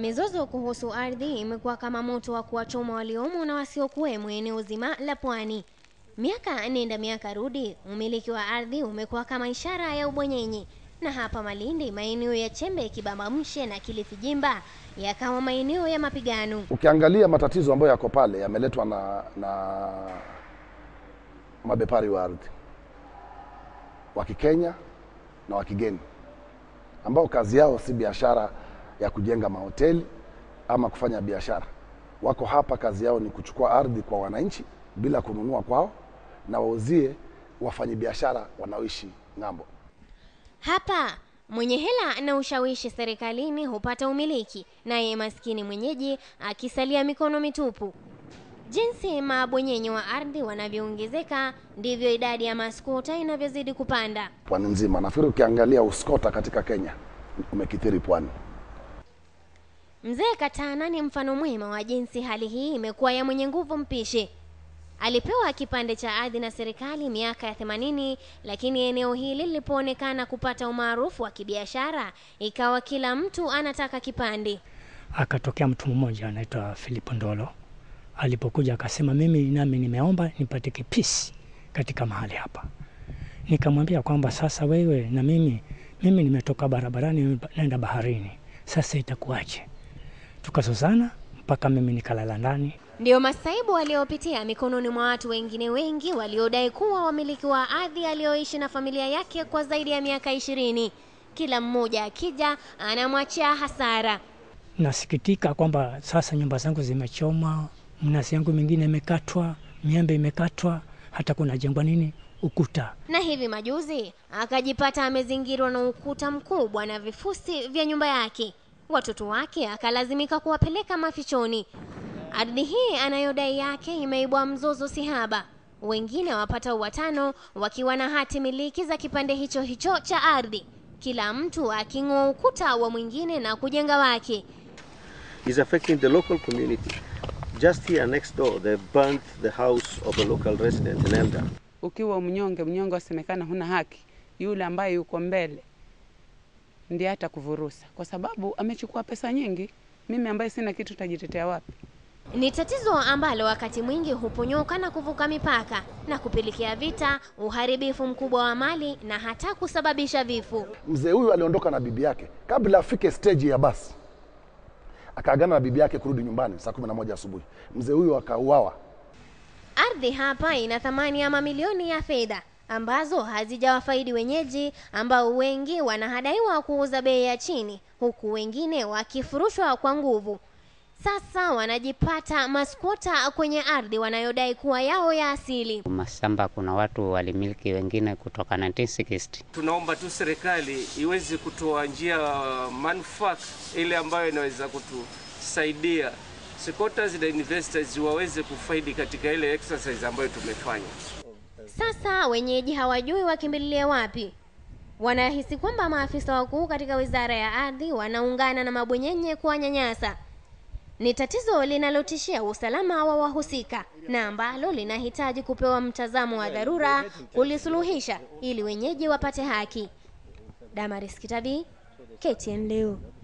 Mizozo kuhusu ardhi imekuwa kama moto wa kuwachoma waliomo na wasiokuwemo eneo zima la Pwani. Miaka nenda miaka rudi, umiliki wa ardhi umekuwa kama ishara ya ubwenyenye, na hapa Malindi maeneo ya Chembe, kibamba mshe na Kilifi Jimba yakawa maeneo ya mapigano. Ukiangalia matatizo ambayo yako pale yameletwa na, na mabepari wa ardhi wa Kikenya na wa kigeni ambao kazi yao si biashara ya kujenga mahoteli ama kufanya biashara. Wako hapa, kazi yao ni kuchukua ardhi kwa wananchi bila kununua kwao, na wauzie biashara wanaoishi ng'ambo. Hapa mwenye hela na ushawishi serikalini hupata umiliki, naye maskini mwenyeji akisalia mikono mitupu. Jinsi mabwenyenye wa ardhi wanavyoongezeka ndivyo idadi ya maskota inavyozidi kupanda pwani nzima. Nafikiri ukiangalia uskota katika Kenya umekithiri pwani. Mzee Katana ni mfano mwema wa jinsi hali hii imekuwa ya mwenye nguvu mpishi. Alipewa kipande cha ardhi na serikali miaka ya themanini, lakini eneo hili lilipoonekana kupata umaarufu wa kibiashara, ikawa kila mtu anataka kipande. Akatokea mtu mmoja anaitwa Philip Ndolo, alipokuja akasema, mimi nami nimeomba nipate kipisi katika mahali hapa. Nikamwambia kwamba sasa wewe na mimi, mimi nimetoka barabarani naenda baharini, sasa itakuwaje? tukasozana mpaka mimi nikalala ndani. Ndiyo masaibu aliyopitia mikononi mwa watu wengine wengi waliodai kuwa wamiliki wa ardhi aliyoishi na familia yake kwa zaidi ya miaka ishirini. Kila mmoja akija anamwachia hasara. Nasikitika kwamba sasa nyumba zangu zimechoma, mnasi yangu mingine imekatwa, miembe imekatwa, hata kuna jengwa nini ukuta. Na hivi majuzi akajipata amezingirwa na ukuta mkubwa na vifusi vya nyumba yake watoto wake akalazimika kuwapeleka mafichoni. Ardhi hii anayodai yake imeibwa mzozo sihaba, wengine wapata watano wakiwa na hati miliki za kipande hicho hicho cha ardhi, kila mtu aking'oa ukuta wa mwingine na kujenga wake. Is affecting the local community. Just here next door they burnt the house of a local resident an elder. Ukiwa mnyonge, mnyonge wasemekana huna haki, yule ambaye yuko mbele ndiye kuvurusa kwa sababu amechukua pesa nyingi. Mimi ambaye sina kitu tajitetea wapi? Ni tatizo ambalo wakati mwingi huponyoka na kuvuka mipaka na kupelekea vita, uharibifu mkubwa wa mali na hata kusababisha vifo. Mzee huyu aliondoka na bibi yake kabla afike steji ya basi, akaagana na bibi yake kurudi nyumbani saa moja asubuhi. Mzee huyu akauawa. Ardhi hapa ina thamani ya mamilioni ya fedha ambazo hazijawafaidi wenyeji ambao wengi wanahadaiwa kuuza bei ya chini huku wengine wakifurushwa kwa nguvu. Sasa wanajipata maskota kwenye ardhi wanayodai kuwa yao ya asili. Mashamba kuna watu walimiliki wengine kutoka 1960. Tunaomba tu serikali iweze kutoa njia uh, manufaa ile ambayo inaweza kutusaidia squatters na investors waweze kufaidi katika ile exercise ambayo tumefanya. Sasa wenyeji hawajui wakimbililie wapi. Wanahisi kwamba maafisa wakuu katika wizara ya ardhi wanaungana na mabwenyenye kuwanyanyasa. Ni tatizo linalotishia usalama wa wahusika na ambalo linahitaji kupewa mtazamo wa dharura kulisuluhisha ili wenyeji wapate haki. Damaris Kitabi, KTN Leo.